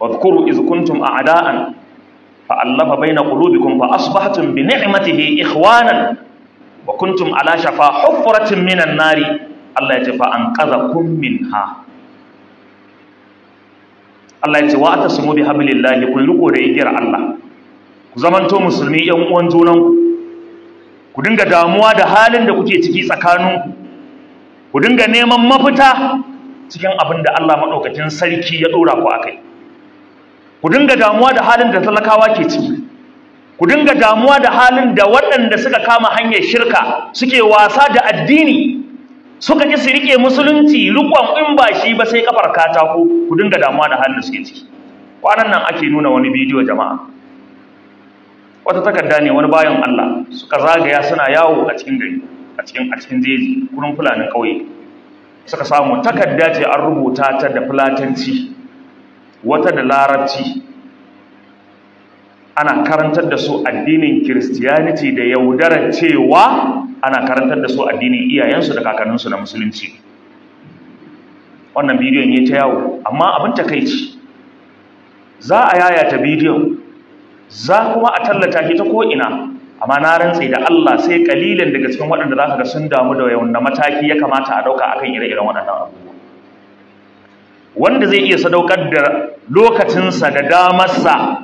wadhkuru iz kuntum a'da'an fa'allafa baina qulubikum fa asbahtum bi ni'matihi ikhwanan wa kuntum ala shafa hufratin minan nari Allah ya ce fa Allah ya ce wa atasimu bi hablillahi kun riko da igiyar Allah ku zamanto musulmi yan uwan junanku ku dinga damuwa da halin da kuke ciki tsakaninku ku dinga neman mafita cikin abin da Allah madaukakin sarki ya dora ku akai ku dinga damuwa da halin da talakawa ke ciki ku dinga damuwa da halin da waɗanda suka kama hanyar shirka suke wasa da addini suka ki su rike musulunci riƙon in ba shi ba sai kafar katako ku dinga damuwa da halin da suke ciki kwanan nan ake nuna wani bidiyo jama'a wata takarda ne wani bayan Allah suka zagaya suna yawo a cikin gari a cikin a cikin jeji gurin fulanin ƙauye suka samu takarda ce an rubuta ta da fulatanci wata da larabci ana karantar da su addinin kiristiyaniti da yaudarar cewa ana karantar da su addinin iyayensu da kakanninsu na musulunci wannan bidiyon ya ta yawo amma abin ta kai takaici za a ta bidiyon za kuma a tallata shi ta ko'ina amma na rantse da Allah sai ƙalilan daga cikin waɗanda za ka ga sun damu da yawan mataki ya kamata a ɗauka akan ire-iren waɗanda abu wanda zai iya sadaukar da lokacinsa da damarsa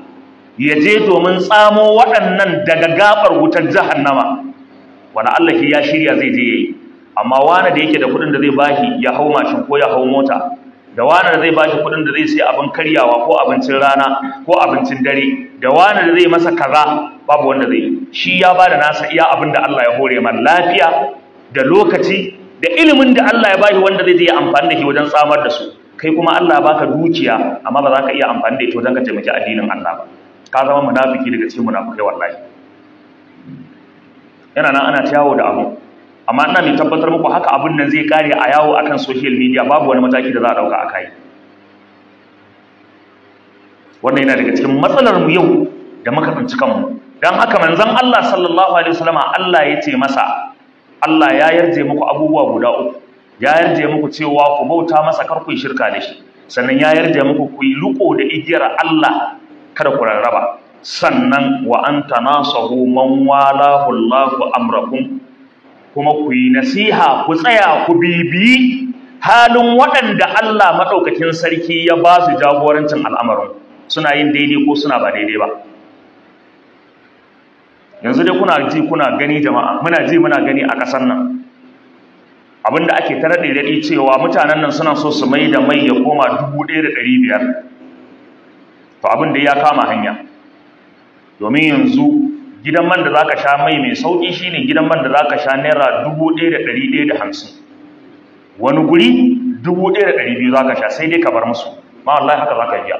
ya je domin tsamo waɗannan daga gabar wutar jahannama wani Allah ya shirya zai je yayi amma wani da yake da kuɗin da zai bashi ya hau mashin ko ya hau mota da wani da zai bashi kuɗin da zai sai abin karyawa ko abincin rana ko abincin dare da wani da zai masa kaza babu wanda zai shi ya bada nasa iya abin da Allah ya hore man lafiya da lokaci da ilimin da Allah ya bashi wanda zai je amfani da shi wajen tsamar da su kai kuma Allah baka dukiya amma ba za ka iya amfani da ita don ka taimaki addinin Allah ba ka zama munafiki daga cikin munafikai wallahi yana nan ana yawo da abu amma ina mai tabbatar muku haka abun nan zai kare a yawo akan social media babu wani mataki da za a dauka akai wannan yana daga cikin matsalar mu yau da muka tsinci kanmu dan haka manzon Allah sallallahu alaihi wasallama Allah ya ce masa Allah ya yarje muku abubuwa guda uku ya yarje muku cewa ku bauta masa karku shirka da shi sannan ya yarje muku ku yi luko da igiyar Allah kada ku rarraba sannan wa anta nasahu man walahu Allahu amrakum kuma ku yi nasiha ku tsaya ku bibi halin waɗanda Allah madaukakin sarki ya ba su jagorancin al'amarin suna yin daidai ko suna ba daidai ba yanzu dai kuna ji kuna gani jama'a muna ji muna gani a ƙasar nan abinda ake ta raɗe raɗi cewa mutanen nan suna so su mai da mai ya koma dubu ɗaya da ɗari biyar to abin ya kama hanya domin yanzu gidan man da za ka sha mai mai sauƙi shine gidan man da za ka sha naira dubu ɗaya da ɗari ɗaya da hamsin wani guri dubu ɗaya da ɗari biyu za ka sha sai dai ka bar musu ma wallahi haka za ka biya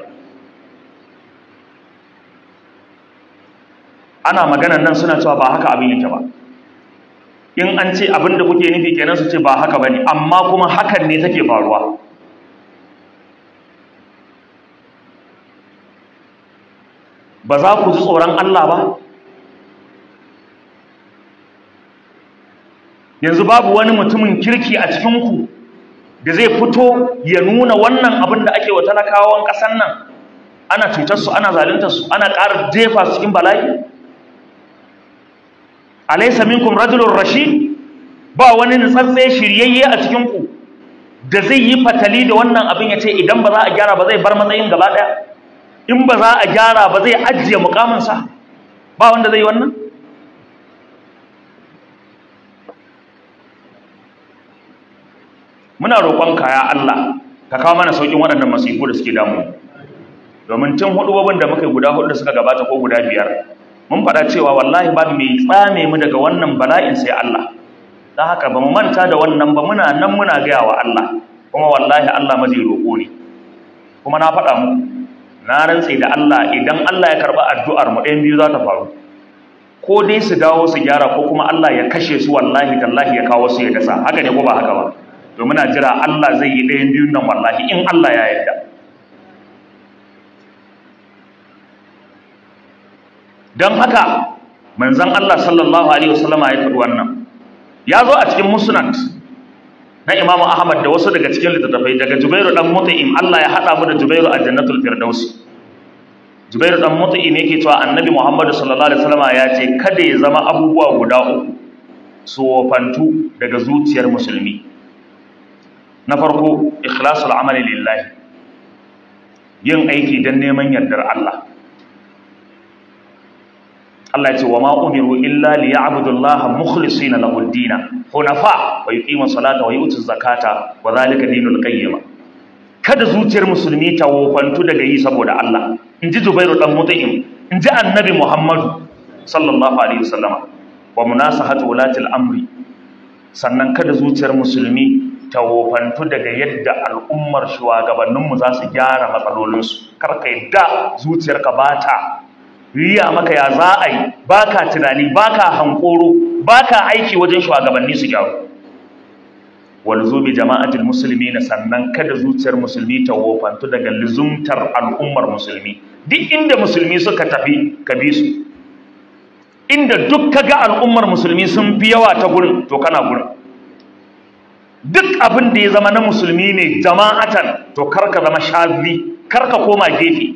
ana maganan nan suna cewa ba haka abin yake ba in an ce abin da kuke nufi kenan su ce ba haka ne, amma kuma hakan ne take faruwa ba za ku ji tsoron Allah ba yanzu babu wani mutumin kirki a cikinku da zai fito ya nuna wannan abin da ake wa talakawan ƙasar nan ana cutarsu ana su, ana ƙara jefa su cikin bala'i alaysa minkum rajulur rashid ba wani nutsatse shiryayye a cikin ku da zai yi fatali da wannan abin ya ce idan ba za a gyara ba zai bar matsayin gaba ɗaya in ba za a gyara ba zai ajiye sa ba wanda zai wannan muna rokon ya Allah ka kawo mana saukin waɗannan masifu da suke damu domin tun hudu babban da muka yi guda hudu da suka gabata ko guda biyar mun faɗa cewa wallahi babu mai tsame mu daga wannan bala'in sai Allah don haka ba mu manta da wannan ba muna nan muna gaya wa Allah kuma wallahi Allah zai roƙo ne kuma na faɗa mu na rantse da Allah idan Allah ya karɓa addu'ar mu ɗayan biyu za ta faru ko dai su dawo su gyara ko kuma Allah ya kashe su wallahi tallahi ya kawo su ya dasa haka ne ko ba haka ba to muna jira Allah zai yi ɗayan biyun nan wallahi in Allah ya yarda don haka manzon Allah sallallahu alaihi wasallama ya faɗi wannan ya zo a cikin musnad na Imam Ahmad da wasu daga cikin littattafai daga Jubairu dan Mut'im Allah ya hada mu da Jubairu a Jannatul Firdaus Jubairu dan Mut'im yake cewa Annabi Muhammad sallallahu alaihi wasallama ya ce kada ya zama abubuwa guda uku tsofantu daga zuciyar musulmi na farko ikhlasul amali lillahi yin aiki don neman yardar Allah Allah ce wa maumiru illa li ya'budu Allah mukhlisina na ad hunafa wa yuqimu salata wa yu'tu zakata wa zalika dinul qayyim kada zuciyar musulmi ta wofantu daga yi saboda Allah In ji Zubairu ɗan dan in ji Annabi Muhammadu sallallahu alaihi wasallama wa hatu wulatil amri sannan kada zuciyar musulmi ta wofantu daga yadda al'ummar shugabanninmu za su gyara matsalolinsu karka yadda zuciyarka ba ta riya maka ya za a yi ba ka tunani ba ka hankoro ba ka aiki wajen shugabanni su gyaru walzumi jama'atul musulmi na sannan kada zuciyar musulmi ta wofantu daga lizumtar al'ummar musulmi duk inda musulmi suka tafi ka bi su inda duk kaga al'ummar musulmi sun fi yawa ta gurin to kana gurin duk abin da ya zama na musulmi ne jama'atan to karka zama shazi karka koma gefe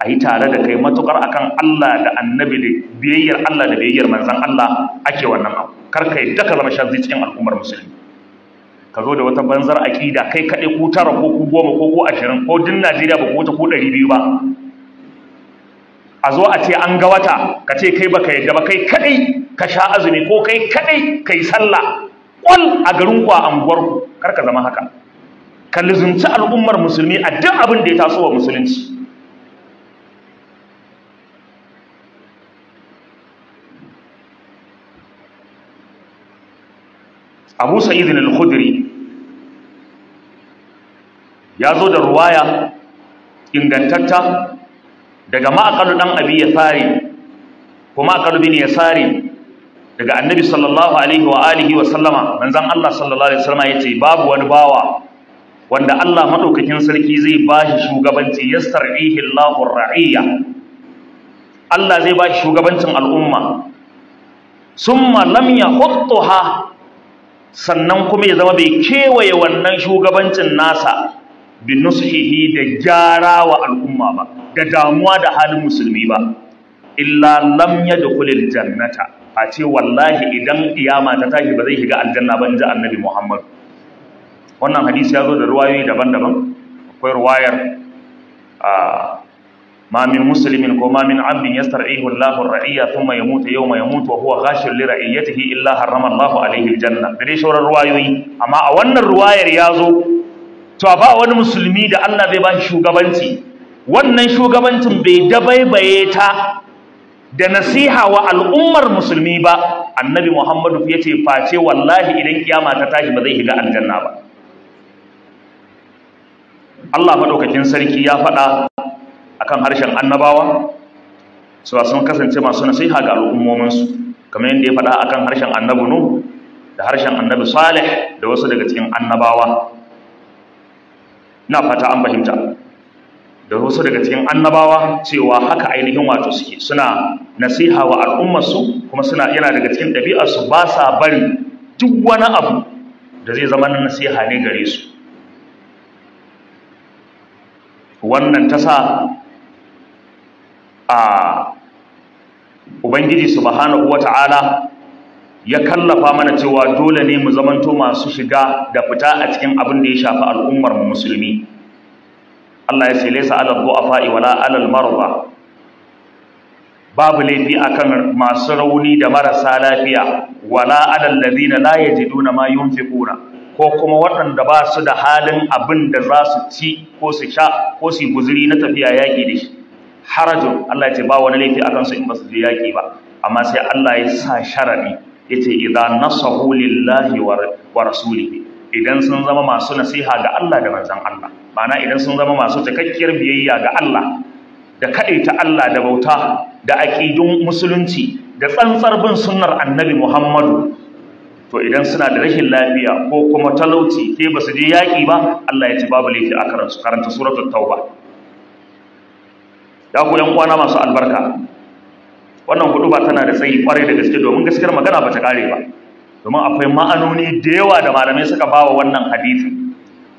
a yi tare da kai matukar akan Allah da annabi da biyayyar Allah da biyayyar manzan Allah ake wannan abu kar ka yadda ka zama shazzi cikin al'ummar musulmi ka zo da wata banzar aƙida kai kaɗai ko tara ko ku goma ko ko ashirin ko din Najeriya ba ko wata ko ɗari biyu ba a zo a ce an ga wata ka ce kai baka yadda ba kai kaɗai ka sha azumi ko kai kaɗai ka yi sallah ƙwal a garin ku a unguwarku, kar ka zama haka ka lizunci al'ummar musulmi a duk abin da ya taso wa musulunci abu sa'idin al-khudri ya zo da ruwaya ingantatta daga ma'aqalu dan abi yasari kuma aqalu bin yasari daga annabi sallallahu alaihi wa alihi wa sallama manzon Allah sallallahu alaihi wasallama yace babu wani bawa wanda Allah madaukakin sarki zai bashi shugabanci yastar'ihi Allahu ar-ra'iyya Allah zai bashi shugabancin al'umma summa lam yahuttuha sannan kuma ya zama bai kewaye wannan shugabancin nasa bin nusihi da gyara wa al'umma ba da damuwa da halin musulmi ba illa lam yadkhul jannata a ce wallahi idan iyama ta tashi ba zai shiga aljanna ba inji annabi Muhammad wannan hadisi ya zo da ruwayoyi daban-daban akwai ruwayar a ah, Mamin Musulmin ko mamin min abdin yastar'ihu Allahu ar-ra'iyya thumma yau yawma yamutu wa huwa ghashir li ra'iyatihi illa harrama Allahu alaihi al-janna dare shauran ruwayoyi amma a wannan ruwayar zo, to ba wani musulmi da Allah zai bashi shugabanci wannan shugabancin bai dabaibaye ta da nasiha wa al'ummar musulmi ba annabi Muhammadu ya ce face wallahi idan kiyama ta tashi ba zai shiga aljanna ba Allah madaukakin sarki ya faɗa akan harshen annabawa su ba sun kasance masu nasiha ga al'ummominsu kamar yadda ya faɗa akan harshen annabi nu da harshen annabi salih da wasu daga cikin annabawa na fata an fahimta da wasu daga cikin annabawa cewa haka ainihin wato suke suna nasiha wa al'ummarsu kuma suna yana daga cikin ɗabi'arsu ba sa bari duk wani abu da zai zama na nasiha ne gare su wannan ta sa a ubangiji subhanahu ta’ala ya kallafa mana cewa dole ne mu zamanto masu shiga da fita a cikin abin da ya shafi al'ummar musulmi Allah ya sai laysa 'alal fa’i wala 'alal marwa, babu laifi a kan masu rauni da marasa lafiya wala 'alal ladina la yajiduna ma ƙura. ko kuma waɗanda ba su da halin abin da za su ci ko su sha ko su guzuri na tafiya yaƙi da shi harajun Allah ya ce ba wani laifi akan su in ba su je yaƙi ba amma sai Allah ya sa sharadi yace idza nasahu lillahi wa rasulihi idan sun zama masu nasiha ga Allah da manzon Allah ma'ana idan sun zama masu cikakkiyar biyayya ga Allah da ta Allah da bauta da aƙidun musulunci da tsantsar bin sunnar annabi Muhammadu to idan suna da rashin lafiya ko kuma talauci sai ba su je yaƙi ba Allah ya ce babu laifi a karanta suratul tauba ya ku yan kwana masu albarka wannan hudu ba tana da tsayi kwarai da gaske domin gaskiyar magana ba ta kare ba domin akwai ma'anoni da yawa da malamai suka bawa wannan hadisi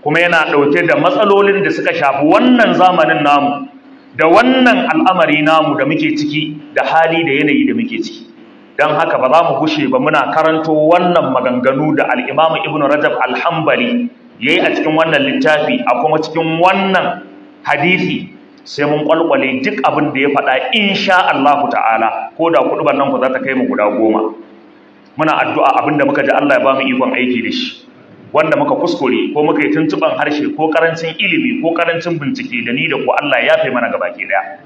kuma yana dauke da matsalolin da suka shafi wannan zamanin namu da wannan al'amari namu da muke ciki da hali da yanayi da muke ciki dan haka ba za mu gushe ba muna karanto wannan maganganu da al-Imam Ibn Rajab al-Hanbali yayi a cikin wannan littafi a kuma cikin wannan hadisi sai mun kwalkwale duk abin da ya faɗa insha Allah ta'ala ko da kuɗuban nan ku za ta kai mu guda goma muna addu'a abin da muka ji Allah ya ba mu ikon aiki da shi wanda muka kuskure ko muka yi tuntuban harshe ko karancin ilimi ko karancin bincike da ni da ku Allah ya fi mana gabaki daya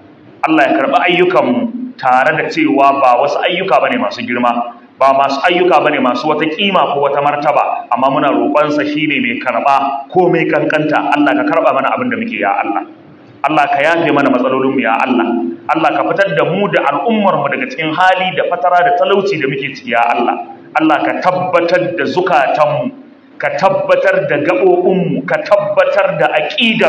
Allah ya karɓi ayyukanmu tare da cewa ba wasu ayyuka ba ne masu girma ba masu ayyuka ba ne masu wata ƙima, ko wata martaba amma muna roƙonsa shi ne mai karɓa ko mai kankanta Allah ka karɓa mana abin da muke ya Allah Allah ka yafe mana matsalolinmu ya Allah Allah ka fitar da mu da al'ummar mu daga cikin hali da fatara da talauci da muke ciki ya Allah Allah ka tabbatar da zukatanmu ka tabbatar da gaɓoɓinmu ka tabbatar da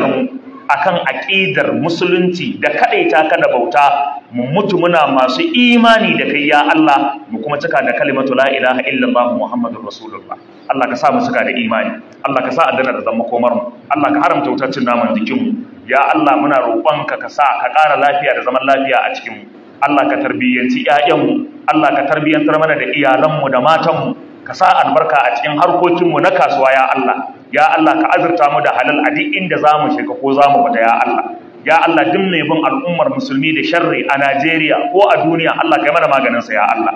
mu akan aƙidar musulunci da kaɗaita ka da bauta mu mutu muna masu imani da kai ya Allah mu kuma cika da kalimatu la ilaha illallah muhammadur rasulullah Allah ka sa mu cika da imani Allah ka sa addana da zama komar mu Allah ka haramta wutaccin naman jikin mu ya Allah muna roƙonka ka sa ka ƙara lafiya da zaman lafiya a cikin mu Allah ka tarbiyyanci mu Allah ka tarbiyyantar mana da iyalan mu da matanmu ka sa albarka a cikin harkokinmu na kasuwa ya Allah ya Allah ka azurta mu da halal a duk inda zamu mu shiga ko zamu fita ya Allah ya Allah duk mai bin al'ummar musulmi da sharri a Najeriya ko a duniya Allah kai mana maganin sa ya Allah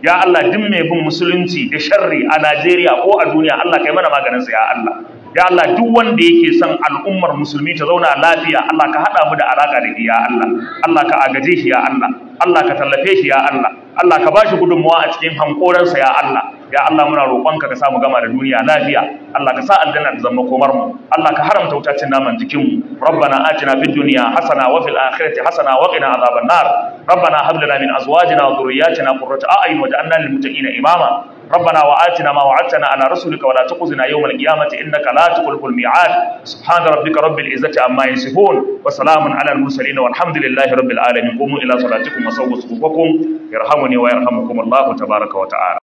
ya Allah duk mai bin musulunci da sharri a Najeriya ko a duniya Allah kai mana maganin sa ya Allah ya Allah duk wanda yake son al'ummar musulmi ta zauna lafiya Allah ka haɗa mu da alaka da ya Allah Allah ka agaje shi ya Allah Allah ka tallafe shi ya Allah Allah ka bashi gudunmawa a cikin hankoransa ya Allah ya Allah muna roƙonka ka sa mu gama da duniya lafiya Allah ka sa aljanna ta zama komar mu Allah ka haramta wuta cin naman jikin mu rabbana atina fid dunya hasana wa fil akhirati hasana wa qina adhaban nar rabbana hab lana min azwajina wa dhurriyyatina qurrata a'yun waj'alna lil muttaqina imama ربنا وآتنا ما وعدتنا على رسلك ولا تخزنا يوم القيامة إنك لا تخلف الميعاد سبحان ربك رب العزة عما يصفون وسلام على المرسلين والحمد لله رب العالمين قوموا إلى صلاتكم وصووا صفوفكم يرحمني ويرحمكم الله تبارك وتعالى